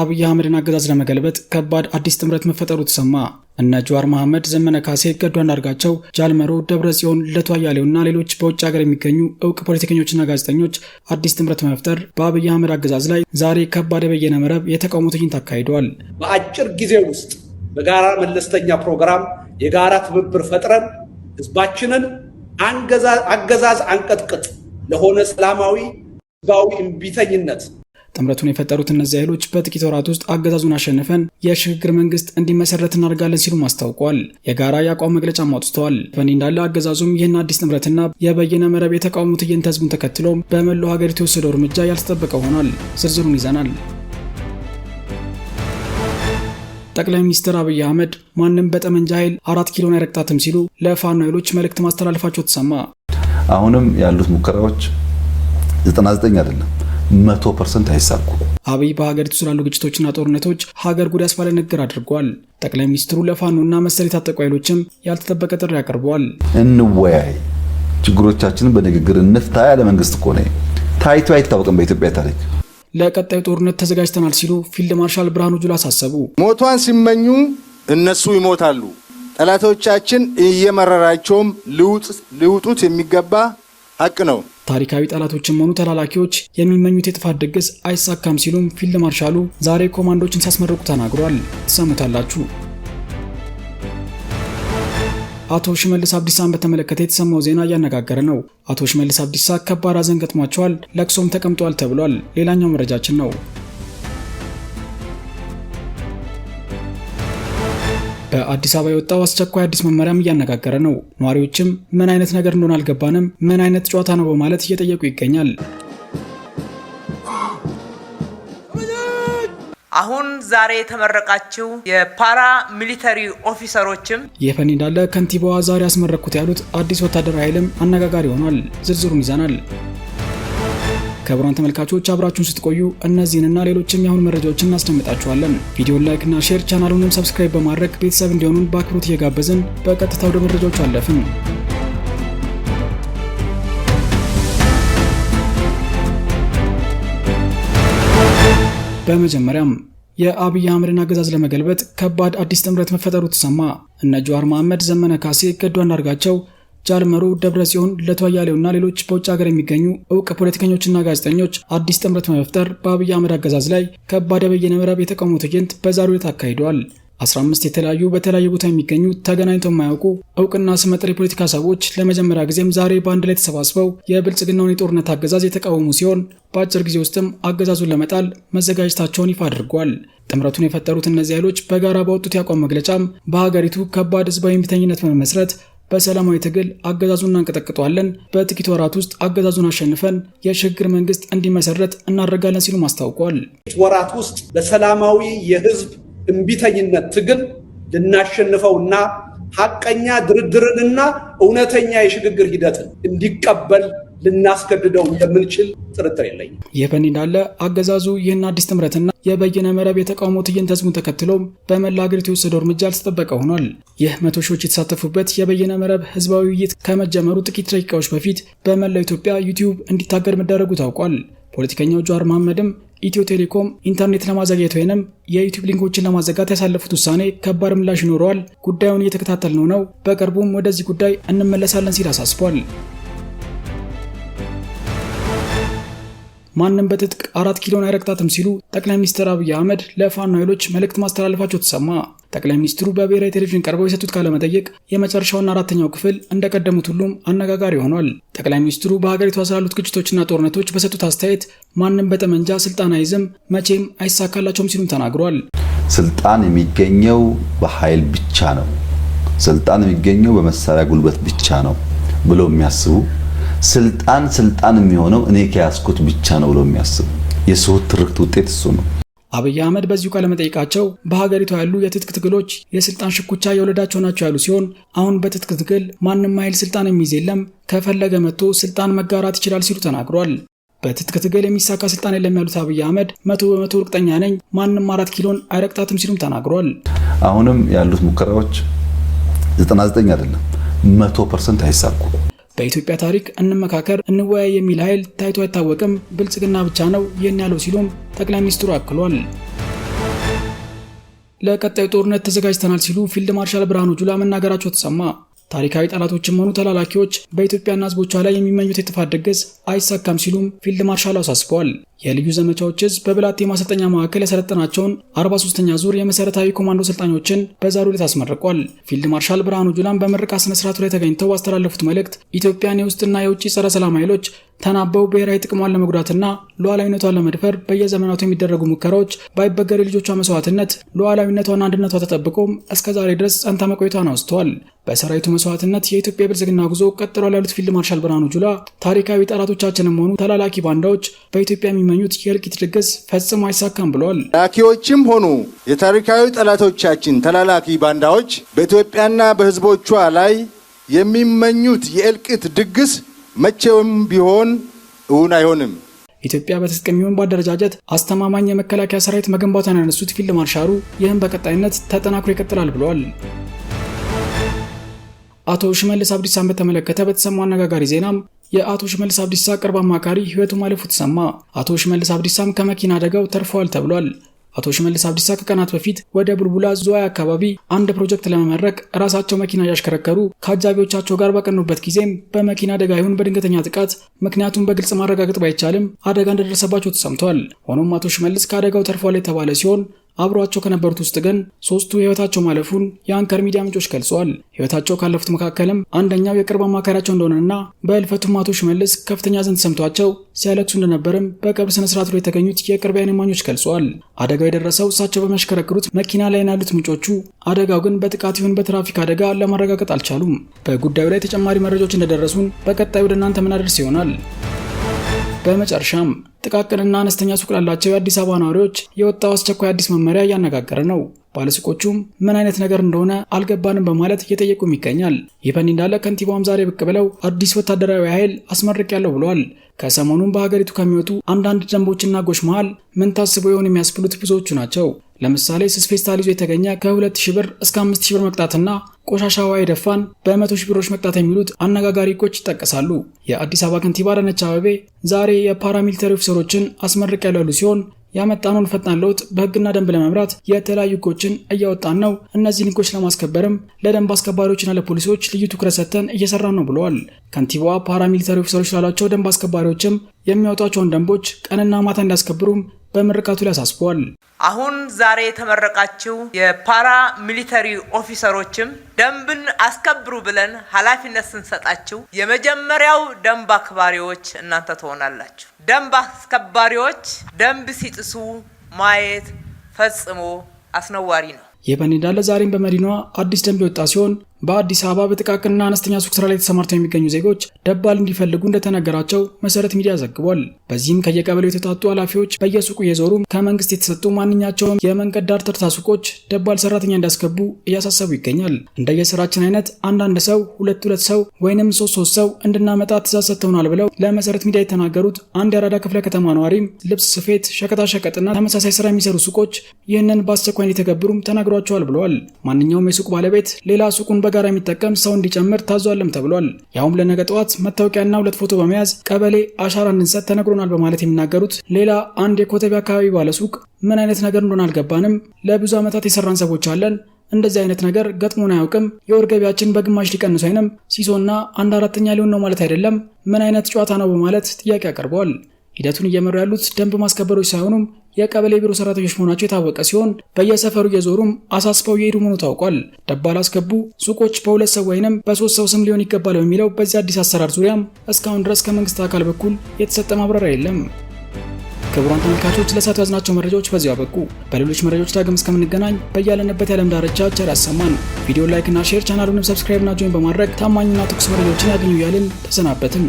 አብይ አህመድን አገዛዝ ለመገልበጥ ከባድ አዲስ ጥምረት መፈጠሩ ተሰማ። እነ ጀዋር መሐመድ፣ ዘመነ ካሴ፣ ገዱ አንዳርጋቸው፣ ጃልመሮ፣ ደብረ ጽዮን፣ ልደቱ አያሌውና ሌሎች በውጭ ሀገር የሚገኙ እውቅ ፖለቲከኞችና ጋዜጠኞች አዲስ ጥምረት መፍጠር በአብይ አህመድ አገዛዝ ላይ ዛሬ ከባድ የበየነ መረብ የተቃውሞ ትዕይንት አካሂደዋል። በአጭር ጊዜ ውስጥ በጋራ መለስተኛ ፕሮግራም የጋራ ትብብር ፈጥረን ህዝባችንን አገዛዝ አንቀጥቅጥ ለሆነ ሰላማዊ ህዝባዊ እምቢተኝነት ጥምረቱን የፈጠሩት እነዚህ ኃይሎች በጥቂት ወራት ውስጥ አገዛዙን አሸንፈን የሽግግር መንግስት እንዲመሰረት እናደርጋለን ሲሉም አስታውቋል። የጋራ የአቋም መግለጫ አውጥተዋል። በእንዲህ እንዳለ አገዛዙም ይህን አዲስ ጥምረትና የበየነ መረብ የተቃውሞ ትዕይንተ ህዝቡን ተከትሎ በመላው ሀገሪቱ የወሰደው እርምጃ ያልተጠበቀ ሆኗል። ዝርዝሩን ይዘናል። ጠቅላይ ሚኒስትር አብይ አህመድ ማንም በጠመንጃ ኃይል አራት ኪሎን አይረግጣትም ሲሉ ለፋኖ ኃይሎች መልእክት ማስተላለፋቸው ተሰማ። አሁንም ያሉት ሙከራዎች 99 አይደለም መቶ ፐርሰንት አይሳኩ። አብይ በሀገሪቱ ስላሉ ግጭቶችና ጦርነቶች ሀገር ጉዳስ ያስባለ ንግግር አድርጓል። ጠቅላይ ሚኒስትሩ ለፋኖና መሰል የታጠቁ ኃይሎችም ያልተጠበቀ ጥሪ አቅርበዋል። እንወያይ፣ ችግሮቻችንን በንግግር እንፍታ ያለ መንግስት እኮ ነው። ታይቶ አይታወቅም በኢትዮጵያ ታሪክ። ለቀጣዩ ጦርነት ተዘጋጅተናል ሲሉ ፊልድ ማርሻል ብርሃኑ ጁላ አሳሰቡ። ሞቷን ሲመኙ እነሱ ይሞታሉ። ጠላቶቻችን እየመረራቸውም ሊውጡት የሚገባ ሀቅ ነው። ታሪካዊ ጠላቶችም ሆኑ ተላላኪዎች የሚመኙት የጥፋት ድግስ አይሳካም ሲሉም ፊልድ ማርሻሉ ዛሬ ኮማንዶችን ሲያስመርቁ ተናግሯል። ትሰሙታላችሁ። አቶ ሽመልስ አብዲሳን በተመለከተ የተሰማው ዜና እያነጋገረ ነው። አቶ ሽመልስ አብዲሳ ከባድ ሐዘን ገጥሟቸዋል፣ ለቅሶም ተቀምጧል ተብሏል። ሌላኛው መረጃችን ነው። በአዲስ አበባ የወጣው አስቸኳይ አዲስ መመሪያም እያነጋገረ ነው። ነዋሪዎችም ምን አይነት ነገር እንደሆነ አልገባንም፣ ምን አይነት ጨዋታ ነው በማለት እየጠየቁ ይገኛል። አሁን ዛሬ የተመረቃችው የፓራ ሚሊተሪ ኦፊሰሮችም ይህ እንዳለ ከንቲባዋ ዛሬ ያስመረኩት ያሉት አዲስ ወታደራዊ ኃይልም አነጋጋሪ ሆኗል። ዝርዝሩን ይዘናል። ክቡራን ተመልካቾች አብራችሁን ስትቆዩ እነዚህንና ሌሎችም የአሁኑ መረጃዎችን እናስደምጣችኋለን። ቪዲዮን እና ሼር ቻናሉንም ሰብስክራይብ በማድረግ ቤተሰብ እንዲሆኑን በአክብሮት እየጋበዝን በቀጥታ ወደ መረጃዎቹ አለፍን። በመጀመሪያም የአብይ አህመድን አገዛዝ ለመገልበጥ ከባድ አዲስ ጥምረት መፈጠሩ ተሰማ። እነ ጀዋር መሐመድ፣ ዘመነ ካሴ፣ ገዱ አንዳርጋቸው ጃልመሮ ደብረ ጽዮን ለተወያሌውና ሌሎች በውጭ ሀገር የሚገኙ እውቅ ፖለቲከኞችና ጋዜጠኞች አዲስ ጥምረት በመፍጠር በአብይ አህመድ አገዛዝ ላይ ከባድ በየነ መረብ የተቃውሞ ትዕይንት በዛሬው ዕለት አካሂደዋል። 15 የተለያዩ በተለያየ ቦታ የሚገኙ ተገናኝተው የማያውቁ እውቅና ስመጥር የፖለቲካ ሰዎች ለመጀመሪያ ጊዜም ዛሬ በአንድ ላይ ተሰባስበው የብልጽግናውን የጦርነት አገዛዝ የተቃወሙ ሲሆን በአጭር ጊዜ ውስጥም አገዛዙን ለመጣል መዘጋጀታቸውን ይፋ አድርጓል። ጥምረቱን የፈጠሩት እነዚህ ኃይሎች በጋራ ባወጡት የአቋም መግለጫም በሀገሪቱ ከባድ ህዝባዊ እምቢተኝነት በመመስረት በሰላማዊ ትግል አገዛዙን እናንቀጠቅጠዋለን፣ በጥቂት ወራት ውስጥ አገዛዙን አሸንፈን የሽግግር መንግስት እንዲመሰረት እናደርጋለን ሲሉም አስታውቋል። ወራት ውስጥ በሰላማዊ የህዝብ እምቢተኝነት ትግል ልናሸንፈውና ሀቀኛ ድርድርንና እውነተኛ የሽግግር ሂደትን እንዲቀበል ልናስገድደው እንደምንችል ጥርጥር የለኝም። ይህ በእንዲህ እንዳለ አገዛዙ ይህን አዲስ ትምረትና የበይነ መረብ የተቃውሞ ትዕይንት ህዝቡን ተከትሎ በመላ አገሪቱ የወሰደው እርምጃ አልተጠበቀ ሆኗል። ይህ መቶ ሺዎች የተሳተፉበት የበይነ መረብ ህዝባዊ ውይይት ከመጀመሩ ጥቂት ደቂቃዎች በፊት በመላው ኢትዮጵያ ዩቲዩብ እንዲታገድ መደረጉ ታውቋል። ፖለቲከኛው ጃዋር መሐመድም ኢትዮ ቴሌኮም ኢንተርኔት ለማዘጋጀት ወይንም የዩቲዩብ ሊንኮችን ለማዘጋት ያሳለፉት ውሳኔ ከባድ ምላሽ ይኖረዋል፣ ጉዳዩን እየተከታተልነው ነው፣ በቅርቡም ወደዚህ ጉዳይ እንመለሳለን ሲል አሳስቧል። ማንም በትጥቅ አራት ኪሎን አይረግጣትም ሲሉ ጠቅላይ ሚኒስትር አብይ አህመድ ለፋኖ ኃይሎች መልእክት ማስተላለፋቸው ተሰማ። ጠቅላይ ሚኒስትሩ በብሔራዊ ቴሌቪዥን ቀርበው የሰጡት ቃለመጠይቅ የመጨረሻውና አራተኛው ክፍል እንደቀደሙት ሁሉም አነጋጋሪ ሆኗል። ጠቅላይ ሚኒስትሩ በሀገሪቷ ስላሉት ግጭቶችና ጦርነቶች በሰጡት አስተያየት ማንም በጠመንጃ ስልጣን አይዝም፣ መቼም አይሳካላቸውም ሲሉም ተናግሯል። ስልጣን የሚገኘው በኃይል ብቻ ነው፣ ስልጣን የሚገኘው በመሳሪያ ጉልበት ብቻ ነው ብለው የሚያስቡ ስልጣን ስልጣን የሚሆነው እኔ ከያዝኩት ብቻ ነው ብሎ የሚያስብ የስሁት ትርክት ውጤት እሱ ነው። አብይ አህመድ በዚሁ ቃለመጠይቃቸው በሀገሪቷ ያሉ የትጥቅ ትግሎች የስልጣን ሽኩቻ የወለዳቸው ናቸው ያሉ ሲሆን አሁን በትጥቅ ትግል ማንም ኃይል ስልጣን የሚይዝ የለም፣ ከፈለገ መጥቶ ስልጣን መጋራት ይችላል ሲሉ ተናግሯል። በትጥቅ ትግል የሚሳካ ስልጣን የለም ያሉት አብይ አህመድ መቶ በመቶ እርግጠኛ ነኝ ማንም አራት ኪሎን አይረቅጣትም ሲሉም ተናግሯል። አሁንም ያሉት ሙከራዎች 99 አይደለም መቶ ፐርሰንት አይሳኩ በኢትዮጵያ ታሪክ እንመካከር፣ እንወያይ የሚል ኃይል ታይቶ አይታወቅም፣ ብልጽግና ብቻ ነው ይህን ያለው ሲሉም ጠቅላይ ሚኒስትሩ አክሏል። ለቀጣዩ ጦርነት ተዘጋጅተናል ሲሉ ፊልድ ማርሻል ብርሃኑ ጁላ መናገራቸው ተሰማ። ታሪካዊ ጠላቶችም ሆኑ ተላላኪዎች በኢትዮጵያና ህዝቦቿ ላይ የሚመኙት የጥፋት ድግስ አይሳካም ሲሉም ፊልድ ማርሻል አሳስበዋል። የልዩ ዘመቻዎች ህዝብ በብላቴ ማሰልጠኛ ማዕከል ያሰለጠናቸውን 43ኛ ዙር የመሰረታዊ ኮማንዶ ሰልጣኞችን በዛሬው ዕለት አስመርቋል። ፊልድ ማርሻል ብርሃኑ ጁላን ስነ-ስርዓቱ ላይ ተገኝተው ባስተላለፉት መልእክት ኢትዮጵያን የውስጥና የውጭ ጸረ ሰላም ኃይሎች ተናበው ብሔራዊ ጥቅሟን ለመጉዳትና ሉዓላዊነቷን ለመድፈር በየዘመናቱ የሚደረጉ ሙከራዎች ባይበገሬ ልጆቿ መስዋዕትነት ሉዓላዊነቷና አንድነቷ ተጠብቆም እስከዛሬ ድረስ ጸንታ መቆየቷን አውስተዋል። በሰራዊቱ መስዋዕትነት የኢትዮጵያ ብልጽግና ጉዞ ቀጥሏል ያሉት ፊልድ ማርሻል ብርሃኑ ጁላ ታሪካዊ ጠላቶቻችንም ሆኑ ተላላኪ ባንዳዎች በኢትዮጵያ የሚመኙት የእልቂት ድግስ ፈጽሞ አይሳካም ብለዋል። ላኪዎችም ሆኑ የታሪካዊ ጠላቶቻችን ተላላኪ ባንዳዎች በኢትዮጵያና በሕዝቦቿ ላይ የሚመኙት የእልቂት ድግስ መቼውም ቢሆን እውን አይሆንም። ኢትዮጵያ በትጥቅ የሚሆን በአደረጃጀት አስተማማኝ የመከላከያ ሰራዊት መገንባቷን ያነሱት ፊልድ ማርሻሉ ይህም በቀጣይነት ተጠናክሮ ይቀጥላል ብለዋል። አቶ ሽመልስ አብዲሳን በተመለከተ በተሰማው አነጋጋሪ ዜናም የአቶ ሽመልስ አብዲሳ ቅርብ አማካሪ ህይወቱ ማለፉ ተሰማ። አቶ ሽመልስ አብዲሳም ከመኪና አደጋው ተርፈዋል ተብሏል። አቶ ሽመልስ አብዲሳ ከቀናት በፊት ወደ ቡልቡላ ዝዋይ አካባቢ አንድ ፕሮጀክት ለመመረቅ ራሳቸው መኪና እያሽከረከሩ ከአጃቢዎቻቸው ጋር ባቀኑበት ጊዜም በመኪና አደጋ ይሁን በድንገተኛ ጥቃት ምክንያቱም በግልጽ ማረጋገጥ ባይቻልም አደጋ እንደደረሰባቸው ተሰምተዋል። ሆኖም አቶ ሽመልስ ከአደጋው ተርፏል የተባለ ሲሆን አብሯቸው ከነበሩት ውስጥ ግን ሶስቱ ህይወታቸው ማለፉን የአንከር ሚዲያ ምንጮች ገልጸዋል። ህይወታቸው ካለፉት መካከልም አንደኛው የቅርብ አማካሪያቸው እንደሆነና በህልፈቱም አቶ ሽመልስ ከፍተኛ ዘንድ ሰምቷቸው ሲያለቅሱ እንደነበርም በቀብር ስነስርዓት ላይ የተገኙት የቅርብ ዓይን እማኞች ገልጸዋል። አደጋው የደረሰው እሳቸው በሚያሽከረክሩት መኪና ላይ ያሉት ምንጮቹ፣ አደጋው ግን በጥቃት ይሁን በትራፊክ አደጋ ለማረጋገጥ አልቻሉም። በጉዳዩ ላይ ተጨማሪ መረጃዎች እንደደረሱን በቀጣይ ወደ እናንተ ምናደርስ ይሆናል። በመጨረሻም ጥቃቅንና አነስተኛ ሱቅ ላላቸው የአዲስ አበባ ነዋሪዎች የወጣው አስቸኳይ አዲስ መመሪያ እያነጋገረ ነው። ባለሱቆቹም ምን አይነት ነገር እንደሆነ አልገባንም በማለት እየጠየቁም ይገኛል። ይህ በእንዲህ እንዳለ ከንቲባውም ዛሬ ብቅ ብለው አዲስ ወታደራዊ ኃይል አስመርቅ ያለው ብለዋል። ከሰሞኑም በሀገሪቱ ከሚወጡ አንዳንድ ደንቦችና ጎሽ መሃል ምን ታስቦ ይሆን የሚያስብሉት ብዙዎቹ ናቸው። ለምሳሌ ስስ ፌስታል ይዞ የተገኘ ከ2000 ብር እስከ 5000 ብር መቅጣትና ቆሻሻዋ የደፋን በመቶ ሺህ ብሮች መቅጣት የሚሉት አነጋጋሪ ህጎች ይጠቀሳሉ። የአዲስ አበባ ከንቲባ አዳነች አበቤ ዛሬ የፓራሚሊተሪ ኦፊሰሮችን አስመርቅ ያሉ ሲሆን ያመጣነውን ፈጣን ለውጥ በህግና ደንብ ለመምራት የተለያዩ ህጎችን እያወጣን ነው። እነዚህን ህጎች ለማስከበርም ለደንብ አስከባሪዎችና ለፖሊሶች ልዩ ትኩረት ሰጥተን እየሰራን ነው ብለዋል። ከንቲባዋ ፓራሚሊተሪ ኦፊሰሮች ላሏቸው ደንብ አስከባሪዎችም የሚያወጧቸውን ደንቦች ቀንና ማታ እንዲያስከብሩም በምርቃቱ ላይ አሳስቧል። አሁን ዛሬ የተመረቃችው የፓራ ሚሊተሪ ኦፊሰሮችም ደንብን አስከብሩ ብለን ኃላፊነት ስንሰጣችሁ የመጀመሪያው ደንብ አክባሪዎች እናንተ ትሆናላችሁ። ደንብ አስከባሪዎች ደንብ ሲጥሱ ማየት ፈጽሞ አስነዋሪ ነው። ይህ በእንዲህ እንዳለ ዛሬም በመዲናዋ አዲስ ደንብ የወጣ ሲሆን በአዲስ አበባ በጥቃቅንና አነስተኛ ሱቅ ስራ ላይ ተሰማርተው የሚገኙ ዜጎች ደባል እንዲፈልጉ እንደተነገራቸው መሰረት ሚዲያ ዘግቧል። በዚህም ከየቀበሌው የተታጡ ኃላፊዎች በየሱቁ እየዞሩ ከመንግስት የተሰጡ ማንኛቸውም የመንገድ ዳር ተርታ ሱቆች ደባል ሰራተኛ እንዲያስገቡ እያሳሰቡ ይገኛል። እንደየስራችን አይነት አንዳንድ ሰው ሁለት ሁለት ሰው ወይንም ሶስት ሶስት ሰው እንድናመጣ ትእዛዝ ሰጥተውናል ብለው ለመሰረት ሚዲያ የተናገሩት አንድ የአራዳ ክፍለ ከተማ ነዋሪም ልብስ ስፌት፣ ሸቀጣሸቀጥና ተመሳሳይ ስራ የሚሰሩ ሱቆች ይህንን በአስቸኳይ እንዲተገብሩም ተናግሯቸዋል ብለዋል። ማንኛውም የሱቅ ባለቤት ሌላ ሱቁን በ በጋራ የሚጠቀም ሰው እንዲጨምር ታዟልም ተብሏል። ያውም ለነገ ጠዋት መታወቂያና ሁለት ፎቶ በመያዝ ቀበሌ አሻራ እንድንሰጥ ተነግሮናል በማለት የሚናገሩት ሌላ አንድ የኮተቤ አካባቢ ባለሱቅ ምን አይነት ነገር እንደሆነ አልገባንም። ለብዙ ዓመታት የሰራን ሰዎች አለን እንደዚህ አይነት ነገር ገጥሞን አያውቅም። የወር ገቢያችን በግማሽ ሊቀንስ ወይንም ሲሶና አንድ አራተኛ ሊሆን ነው ማለት አይደለም። ምን አይነት ጨዋታ ነው በማለት ጥያቄ አቀርበዋል። ሂደቱን እየመሩ ያሉት ደንብ ማስከበሮች ሳይሆኑም የቀበሌ ቢሮ ሰራተኞች መሆናቸው የታወቀ ሲሆን በየሰፈሩ እየዞሩም አሳስበው የሄዱ መሆኑ ታውቋል። ደንብ አስገቡ ሱቆች በሁለት ሰው ወይንም በሶስት ሰው ስም ሊሆን ይገባል በሚለው በዚህ አዲስ አሰራር ዙሪያም እስካሁን ድረስ ከመንግስት አካል በኩል የተሰጠ ማብራሪያ የለም። ክቡራን ተመልካቾች ለሳቱ ያዝናቸው መረጃዎች በዚሁ አበቁ። በሌሎች መረጃዎች ዳግም እስከምንገናኝ በያለንበት የዓለም ዳርቻ ቸር ያሰማን። ቪዲዮ ላይክ ሼር፣ ቻናሉንም ሰብስክራይብ እና ጆይን በማድረግ ታማኝና ትኩስ መረጃዎችን ያገኙ እያልን ተሰናበትን።